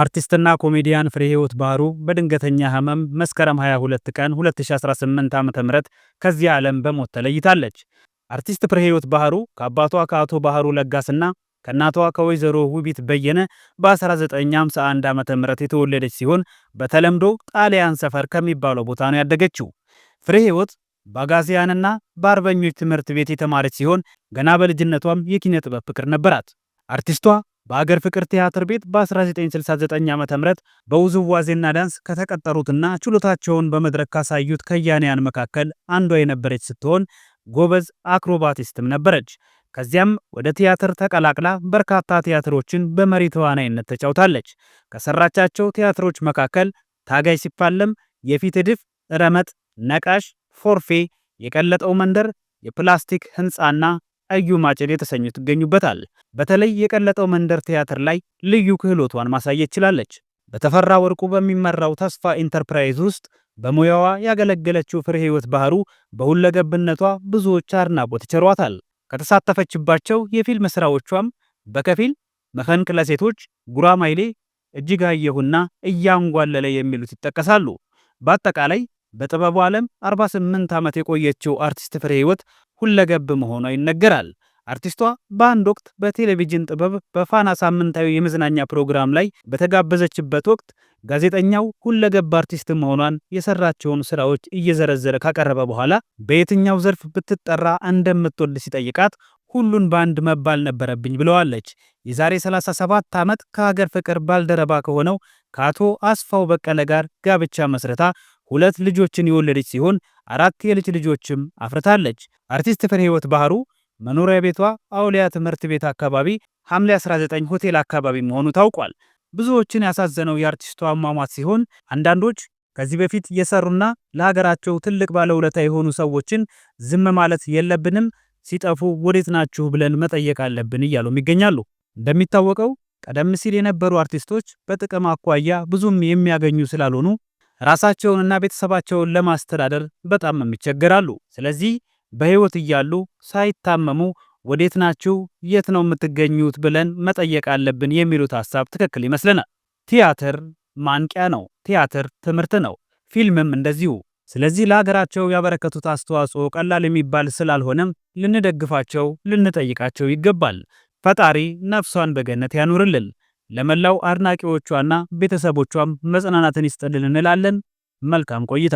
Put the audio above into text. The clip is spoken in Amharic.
አርቲስትና ኮሜዲያን ፍሬህይወት ባህሩ በድንገተኛ ህመም መስከረም 22 ቀን 2018 ዓ.ም ከዚህ ዓለም በሞት ተለይታለች። አርቲስት ፍሬህይወት ባህሩ ከአባቷ ከአቶ ባህሩ ለጋስና ከእናቷ ከወይዘሮ ውቢት በየነ በ1951 ዓ.ም የተወለደች ሲሆን በተለምዶ ጣሊያን ሰፈር ከሚባለው ቦታ ነው ያደገችው። ፍሬህይወት በአጋዚያንና በአርበኞች ትምህርት ቤት የተማረች ሲሆን ገና በልጅነቷም የኪነ ጥበብ ፍቅር ነበራት። አርቲስቷ በአገር ፍቅር ቲያትር ቤት በ1969 ዓ ም በውዝዋዜና ዳንስ ከተቀጠሩትና ችሎታቸውን በመድረክ ካሳዩት ከያንያን መካከል አንዷ የነበረች ስትሆን ጎበዝ አክሮባቲስትም ነበረች። ከዚያም ወደ ቲያትር ተቀላቅላ በርካታ ቲያትሮችን በመሪ ተዋናይነት ተጫውታለች። ከሰራቻቸው ቲያትሮች መካከል ታጋይ ሲፋለም፣ የፊት እድፍ፣ ረመጥ፣ ነቃሽ፣ ፎርፌ፣ የቀለጠው መንደር፣ የፕላስቲክ ህንፃና እዩ ማጨድ የተሰኙ ትገኙበታል። በተለይ የቀለጠው መንደር ቲያትር ላይ ልዩ ክህሎቷን ማሳየት ችላለች። በተፈራ ወርቁ በሚመራው ተስፋ ኢንተርፕራይዝ ውስጥ በሙያዋ ያገለገለችው ፍሬ ህይወት ባህሩ በሁለገብነቷ ብዙዎች አድናቆት ይቸሯታል። ከተሳተፈችባቸው የፊልም ስራዎቿም በከፊል መከንክ ለሴቶች፣ ጉራማይሌ፣ እጅጋየሁና እያንጓለለ የሚሉት ይጠቀሳሉ። በአጠቃላይ በጥበቡ ዓለም 48 ዓመት የቆየችው አርቲስት ፍሬ ህይወት ሁለገብ መሆኗ ይነገራል። አርቲስቷ በአንድ ወቅት በቴሌቪዥን ጥበብ በፋና ሳምንታዊ የመዝናኛ ፕሮግራም ላይ በተጋበዘችበት ወቅት ጋዜጠኛው ሁለገብ አርቲስት መሆኗን የሰራቸውን ስራዎች እየዘረዘረ ካቀረበ በኋላ በየትኛው ዘርፍ ብትጠራ እንደምትወድ ሲጠይቃት ሁሉን በአንድ መባል ነበረብኝ ብለዋለች። የዛሬ 37 ዓመት ከሀገር ፍቅር ባልደረባ ከሆነው ከአቶ አስፋው በቀለ ጋር ጋብቻ መስረታ ሁለት ልጆችን የወለደች ሲሆን አራት የልጅ ልጆችም አፍርታለች። አርቲስት ህይወት ባህሩ መኖሪያ ቤቷ አውሊያ ትምህርት ቤት አካባቢ ሐምሌ 19 ሆቴል አካባቢ መሆኑ ታውቋል። ብዙዎችን ያሳዘነው የአርቲስቷ አሟሟት ሲሆን አንዳንዶች ከዚህ በፊት የሰሩና ለሀገራቸው ትልቅ ባለውለታ የሆኑ ሰዎችን ዝም ማለት የለብንም፣ ሲጠፉ ወዴት ናችሁ ብለን መጠየቅ አለብን እያሉም ይገኛሉ። እንደሚታወቀው ቀደም ሲል የነበሩ አርቲስቶች በጥቅም አኳያ ብዙም የሚያገኙ ስላልሆኑ ራሳቸውንና ቤተሰባቸውን ለማስተዳደር በጣም ይቸገራሉ። ስለዚህ በህይወት እያሉ ሳይታመሙ ወዴት ናችሁ፣ የት ነው የምትገኙት ብለን መጠየቅ አለብን የሚሉት ሀሳብ ትክክል ይመስለናል። ቲያትር ማንቂያ ነው። ቲያትር ትምህርት ነው። ፊልምም እንደዚሁ። ስለዚህ ለሀገራቸው ያበረከቱት አስተዋጽኦ ቀላል የሚባል ስላልሆነም ልንደግፋቸው፣ ልንጠይቃቸው ይገባል። ፈጣሪ ነፍሷን በገነት ያኑርልን። ለመላው አድናቂዎቿና ቤተሰቦቿም መጽናናትን ይስጥልን እንላለን። መልካም ቆይታ